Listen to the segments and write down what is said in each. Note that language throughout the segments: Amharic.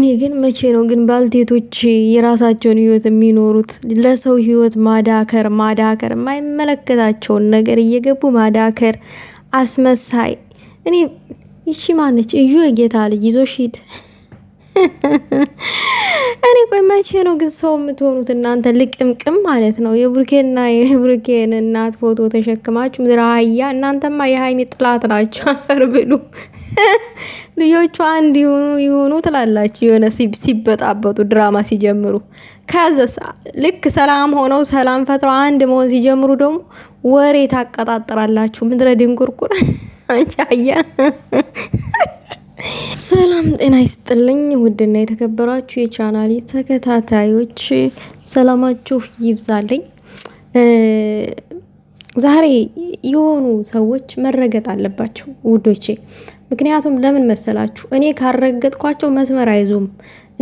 እኔ ግን መቼ ነው ግን ባልቴቶች የራሳቸውን ህይወት የሚኖሩት? ለሰው ህይወት ማዳከር ማዳከር የማይመለከታቸውን ነገር እየገቡ ማዳከር አስመሳይ። እኔ ይቺ ማነች? እዩ የጌታ ልጅ ይዞ ሂድ እኔ ቆይ መቼ ነው ግን ሰው የምትሆኑት እናንተ ልቅምቅም ማለት ነው? የብሩኬና የብሩኬን እናት ፎቶ ተሸክማችሁ ምድረ አህያ። እናንተማ የሀይሚ ጥላት ናቸው። አፈር ብሉ። ልጆቹ አንድ የሆኑ የሆኑ ትላላችሁ የሆነ ሲበጣበጡ ድራማ ሲጀምሩ፣ ከዘስ ልክ ሰላም ሆነው ሰላም ፈጥረው አንድ መሆን ሲጀምሩ ደግሞ ወሬ ታቀጣጥራላችሁ። ምድረ ድንቁርቁር አንቺ አህያ ሰላም ጤና ይስጥልኝ። ውድና የተከበራችሁ የቻናሌ ተከታታዮች ሰላማችሁ ይብዛልኝ። ዛሬ የሆኑ ሰዎች መረገጥ አለባቸው ውዶቼ። ምክንያቱም ለምን መሰላችሁ? እኔ ካረገጥኳቸው መስመር አይዞም።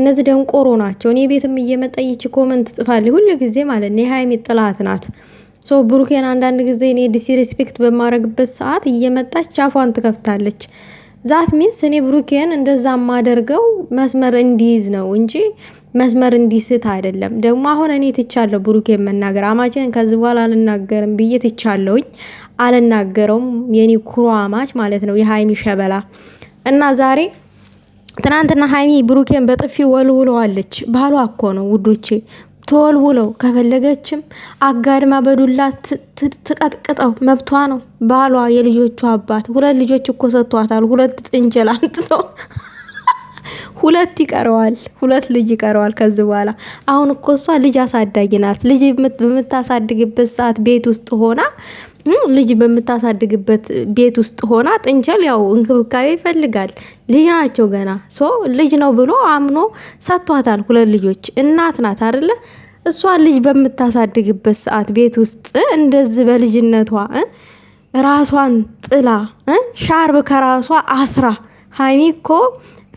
እነዚህ ደንቆሮ ናቸው። እኔ ቤትም እየመጣ ይች ኮመንት ጽፋል ሁል ጊዜ ማለት ነው። የሀይሚ ጥላት ናት። ሶ ብሩኬን አንዳንድ ጊዜ እኔ ዲስሪስፔክት በማረግበት ሰዓት እየመጣች አፏን ትከፍታለች። ዛት ሚንስ እኔ ብሩኬን እንደዛ ማደርገው መስመር እንዲይዝ ነው እንጂ መስመር እንዲስት አይደለም። ደግሞ አሁን እኔ ትቻለሁ ብሩኬን መናገር አማችን ከዚህ በኋላ አልናገርም ብዬ ትቻለውኝ አልናገረውም የኔ ኩሮ አማች ማለት ነው የሀይሚ ሸበላ እና ዛሬ ትናንትና ሀይሚ ብሩኬን በጥፊ ወልውለዋለች። ባሏ እኮ ነው ውዶቼ ተወልውለው ከፈለገችም አጋድማ በዱላ ትቀጥቅጠው መብቷ ነው። ባሏ የልጆቹ አባት ሁለት ልጆች እኮ ሰጥቷታል። ሁለት ጥንጀል አምጥቶ ሁለት ይቀረዋል፣ ሁለት ልጅ ይቀረዋል። ከዚህ በኋላ አሁን እኮ እሷ ልጅ አሳዳጊ ናት። ልጅ በምታሳድግበት ሰዓት ቤት ውስጥ ሆና ልጅ በምታሳድግበት ቤት ውስጥ ሆና ጥንቸል ያው እንክብካቤ ይፈልጋል። ልጅ ናቸው ገና ሶ ልጅ ነው ብሎ አምኖ ሰጥቷታል። ሁለት ልጆች እናት ናት አደለ? እሷ ልጅ በምታሳድግበት ሰዓት ቤት ውስጥ እንደዚህ በልጅነቷ ራሷን ጥላ ሻርብ ከራሷ አስራ ሀይሚ እኮ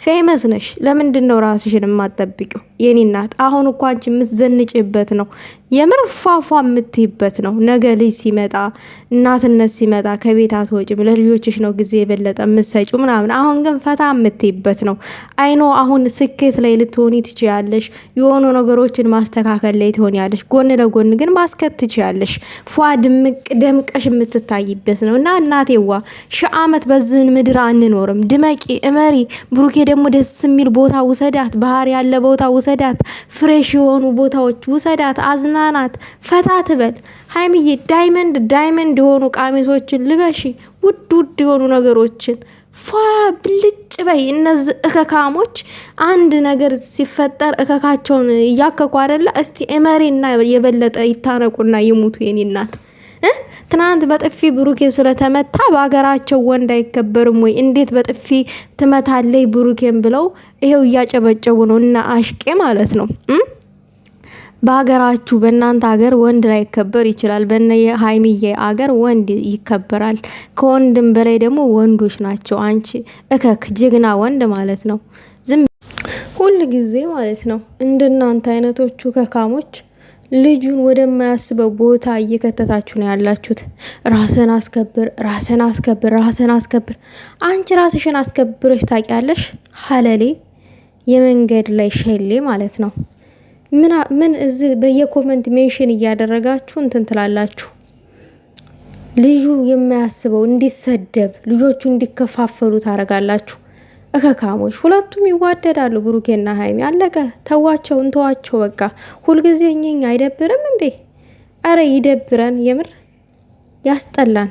ፌመስ ነሽ። ለምንድን ነው ራስሽን የማትጠብቂው? የኔ እናት አሁን እኮ አንቺ የምትዘንጭበት ነው፣ የምር ፏፏ የምትይበት ነው። ነገ ልጅ ሲመጣ እናትነት ሲመጣ ከቤት አትወጭም፣ ለልጆችሽ ነው ጊዜ የበለጠ የምትሰጪው ምናምን። አሁን ግን ፈታ የምትይበት ነው። አይኖ አሁን ስኬት ላይ ልትሆኒ ትችያለሽ፣ የሆኑ ነገሮችን ማስተካከል ላይ ትሆኛለሽ። ጎን ለጎን ግን ማስከት ትችያለሽ። ፏ ድምቅ ደምቀሽ የምትታይበት ነው እና እናቴዋ ሺህ ዓመት በዝን ምድር አንኖርም። ድመቂ እመሪ ብሩኬ ደግሞ ደስ የሚል ቦታ ውሰዳት፣ ባህር ያለ ቦታ ውሰዳት፣ ፍሬሽ የሆኑ ቦታዎች ውሰዳት፣ አዝናናት፣ ፈታ ትበል። ሀይሚዬ ዳይመንድ ዳይመንድ የሆኑ ቃሚሶችን ልበሺ፣ ውድ ውድ የሆኑ ነገሮችን ፏ ብልጭ በይ። እነዚህ እከካሞች አንድ ነገር ሲፈጠር እከካቸውን እያከኩ አደላ። እስቲ እመሬና የበለጠ ይታረቁና ይሙቱ የኔ እናት። ትናንት በጥፊ ብሩኬ ስለተመታ በሀገራቸው ወንድ አይከበርም ወይ? እንዴት በጥፊ ትመታለይ ብሩኬን ብለው ይሄው እያጨበጨቡ ነው። እና አሽቄ ማለት ነው በሀገራችሁ በእናንተ ሀገር ወንድ ላይከበር ይችላል። በነ ሀይሚዬ ሀገር ወንድ ይከበራል። ከወንድም በላይ ደግሞ ወንዶች ናቸው። አንቺ እከክ ጀግና ወንድ ማለት ነው። ዝም ሁል ጊዜ ማለት ነው እንደናንተ አይነቶቹ ከካሞች ልጁን ወደማያስበው ቦታ እየከተታችሁ ነው ያላችሁት። ራስን አስከብር፣ ራስን አስከብር፣ ራስን አስከብር። አንቺ ራስሽን አስከብረሽ ታውቂያለሽ? ሀለሌ የመንገድ ላይ ሸሌ ማለት ነው። ምን እዚህ በየኮመንት ሜንሽን እያደረጋችሁ እንትን ትላላችሁ። ልጁ የማያስበው እንዲሰደብ ልጆቹ እንዲከፋፈሉ ታደርጋላችሁ። እከካሞች ሁለቱም ይዋደዳሉ። ብሩኬና ሀይሚ አለቀ። ተዋቸው፣ እንተዋቸው በቃ። ሁልጊዜ እኝኝ አይደብርም እንዴ? አረ ይደብረን፣ የምር ያስጠላን።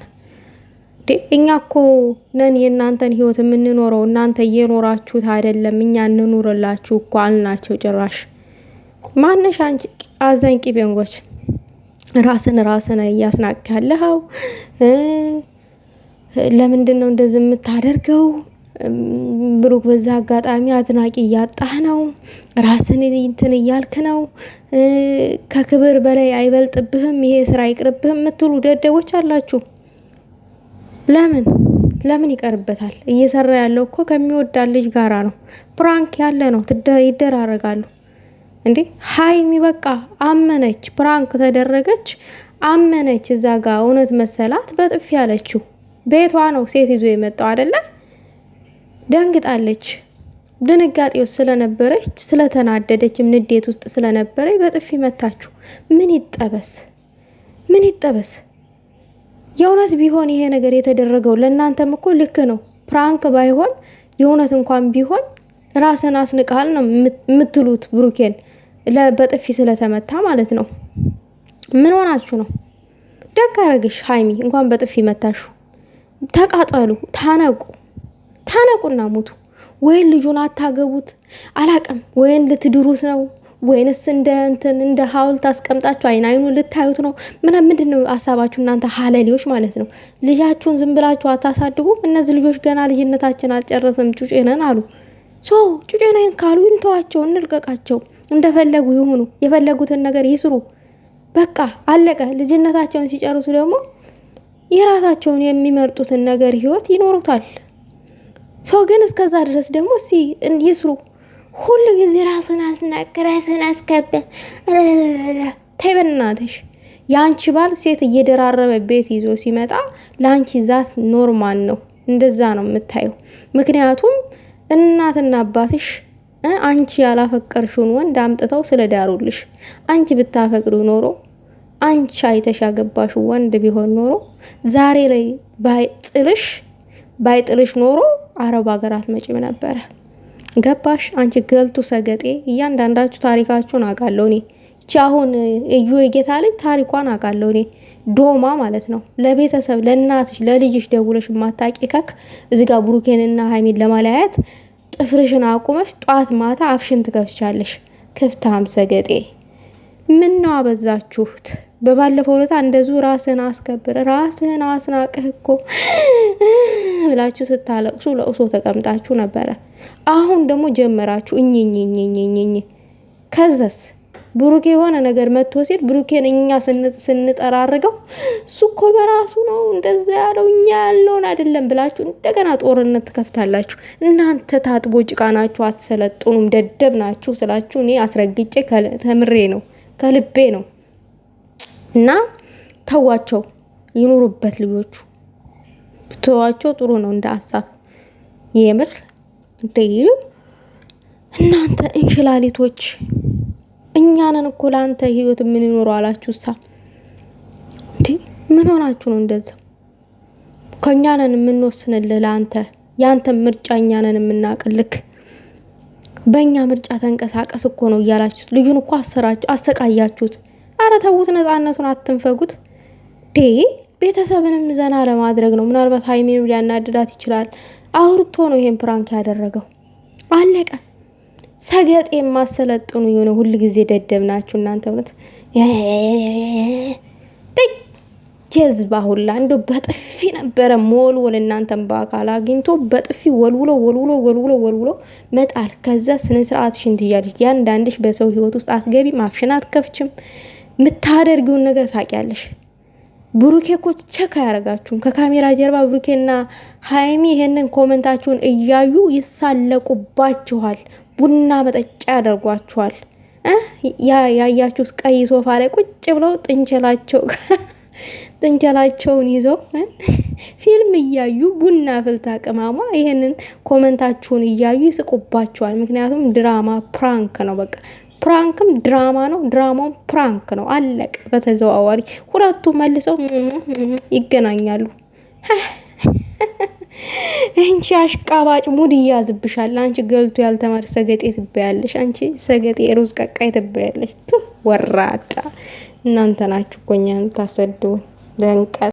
እኛ እኮ ነን የእናንተን ህይወት የምንኖረው እናንተ እየኖራችሁት አይደለም። እኛ እንኑርላችሁ እኮ አልናቸው። ጭራሽ ማነሽ አንቺ አዘኝ ቂቤንጎች ራስን ራስን እያስናቅ ያለኸው ለምንድን ነው እንደዚህ የምታደርገው? ብሩክ በዛ አጋጣሚ አድናቂ እያጣህ ነው፣ ራስን እንትን እያልክ ነው፣ ከክብር በላይ አይበልጥብህም፣ ይሄ ስራ አይቅርብህም የምትሉ ደደቦች አላችሁ። ለምን ለምን ይቀርበታል? እየሰራ ያለው እኮ ከሚወዳ ልጅ ጋራ ነው። ፕራንክ ያለ ነው፣ ይደራረጋሉ። እንዴ ሀይሚ በቃ አመነች፣ ፕራንክ ተደረገች፣ አመነች። እዛ ጋር እውነት መሰላት፣ በጥፊ ያለችው ቤቷ ነው ሴት ይዞ የመጣው አይደለም ደንግጣለች። ድንጋጤ ውስጥ ስለነበረች ስለተናደደችም ንዴት ውስጥ ስለነበረች በጥፊ መታችሁ። ምን ይጠበስ ምን ይጠበስ? የእውነት ቢሆን ይሄ ነገር የተደረገው ለእናንተም እኮ ልክ ነው። ፕራንክ ባይሆን የእውነት እንኳን ቢሆን ራስን አስንቃል ነው የምትሉት። ብሩኬን በጥፊ ስለተመታ ማለት ነው። ምን ሆናችሁ ነው? ደግ አረግሽ ሀይሚ፣ እንኳን በጥፊ መታሹ። ተቃጠሉ፣ ታነቁ። ታነቁና ሙቱ። ወይን ልጁን አታገቡት አላቅም። ወይን ልትድሩት ነው ወይንስ እንደ እንትን እንደ ሀውልት አስቀምጣችሁ አይን አይኑ ልታዩት ነው? ምንም ምንድን ነው ሀሳባችሁ እናንተ ሀለሌዎች ማለት ነው። ልጃችሁን ዝም ብላችሁ አታሳድጉም። እነዚህ ልጆች ገና ልጅነታችን አልጨረስም ጩጬ አሉ። ሶ ጩጬ ካሉ እንተዋቸው፣ እንልቀቃቸው። እንደፈለጉ ይሁኑ፣ የፈለጉትን ነገር ይስሩ። በቃ አለቀ። ልጅነታቸውን ሲጨርሱ ደግሞ የራሳቸውን የሚመርጡትን ነገር ህይወት ይኖሩታል። ሰው ግን እስከዛ ድረስ ደግሞ እስቲ ይስሩ። ሁሉ ጊዜ ራስን አስናቅ፣ ራስን አስከበር። ተይ በናትሽ። የአንቺ ባል ሴት እየደራረበ ቤት ይዞ ሲመጣ ለአንቺ ዛት ኖርማል ነው። እንደዛ ነው የምታየው። ምክንያቱም እናትና አባትሽ አንቺ ያላፈቀርሽውን ወንድ አምጥተው ስለዳሩልሽ። አንቺ ብታፈቅዱ ኖሮ አንቺ አይተሽ ያገባሽ ወንድ ቢሆን ኖሮ ዛሬ ላይ ባይጥልሽ ባይጥልሽ ኖሮ አረብ ሀገራት መጪም ነበረ። ገባሽ አንቺ ገልቱ ሰገጤ። እያንዳንዳችሁ ታሪካችሁን አውቃለሁ እኔ እቺ አሁን እዩ የጌታ ልጅ ታሪኳን አውቃለሁ እኔ ዶማ ማለት ነው። ለቤተሰብ ለእናትሽ ለልጅሽ ደውለሽ የማታቂ ከክ ጋር ብሩኬንና ሀይሚን ለማለያየት ጥፍርሽን አቁመሽ ጧት ማታ አፍሽን ትከፍቻለሽ። ክፍታም ሰገጤ ምን ነው አበዛችሁት? በባለፈው ለታ እንደዚሁ ራስን አስከብር ራስን አስናቅህ እኮ ብላችሁ ስታለቅሱ ለቅሶ ተቀምጣችሁ ነበረ። አሁን ደግሞ ጀመራችሁ እኝኝኝኝኝኝ። ከዘስ ብሩኬ የሆነ ነገር መጥቶ ሲል ብሩኬን እኛ ስንጠራርገው እሱ እኮ በራሱ ነው እንደዛ ያለው እኛ ያለውን አይደለም ብላችሁ እንደገና ጦርነት ትከፍታላችሁ። እናንተ ታጥቦ ጭቃ ናችሁ፣ አትሰለጥኑም፣ ደደብ ናችሁ ስላችሁ እኔ አስረግጬ ተምሬ ነው። ከልቤ ነው እና ተዋቸው፣ ይኑሩበት ልጆቹ ብትዋቸው ጥሩ ነው። እንደ ሀሳብ የምር እንደ እናንተ እንሽላሊቶች እኛንን እኮ ለአንተ ህይወት ምን አላችሁ ሳ እንዲ ምን ሆናችሁ ነው እንደዛ? ከእኛንን የምንወስንልህ ለአንተ የአንተን ምርጫ እኛንን የምናቅልክ በእኛ ምርጫ ተንቀሳቀስ እኮ ነው እያላችሁት ልጁን እኮ አሰቃያችሁት። አረ ተዉት፣ ነፃነቱን አትንፈጉት። ዴ ቤተሰብንም ዘና ለማድረግ ነው። ምናልባት ሀይሜን ሊያናድዳት ይችላል። አውርቶ ነው ይሄን ፕራንክ ያደረገው። አለቀ። ሰገጤ የማሰለጥኑ የሆነ ሁልጊዜ ደደብ ናችሁ እናንተ እውነት ጀዝባ ሁላ እንዶ በጥፊ ነበረ መወልወል። እናንተን በአካል አግኝቶ በጥፊ ወልውሎ ወልውሎ ወልውሎ ወልውሎ መጣል። ከዛ ስነ ስርዓት ሽንት እያለሽ ያንዳንድሽ በሰው ህይወት ውስጥ አትገቢም፣ አፍሽን አትከፍችም፣ ምታደርጊውን ነገር ታውቂያለሽ። ብሩኬ እኮ ቸክ አያረጋችሁም። ከካሜራ ጀርባ ብሩኬና ሀይሚ ይሄንን ኮመንታችሁን እያዩ ይሳለቁባችኋል፣ ቡና መጠጫ ያደርጓችኋል። ያያችሁት ቀይ ሶፋ ላይ ቁጭ ብለው ጥንችላቸው ጋር ጥንቸላቸውን ይዘው ፊልም እያዩ ቡና ፍልታ ቅማሟ ይሄንን ኮመንታችሁን እያዩ ይስቁባቸዋል። ምክንያቱም ድራማ ፕራንክ ነው በቃ ፕራንክም ድራማ ነው፣ ድራማውም ፕራንክ ነው። አለቅ በተዘዋዋሪ ሁለቱ መልሰው ይገናኛሉ። አንቺ አሽቃባጭ ሙድ እያዝብሻል። አንቺ ገልቱ ያልተማር ሰገጤ ትበያለሽ። አንቺ ሰገጤ ሩዝ ቀቃይ ትበያለሽ። ወራዳ እናንተ ናችሁ እኮ እኛን ታሰድቡን ለንቀት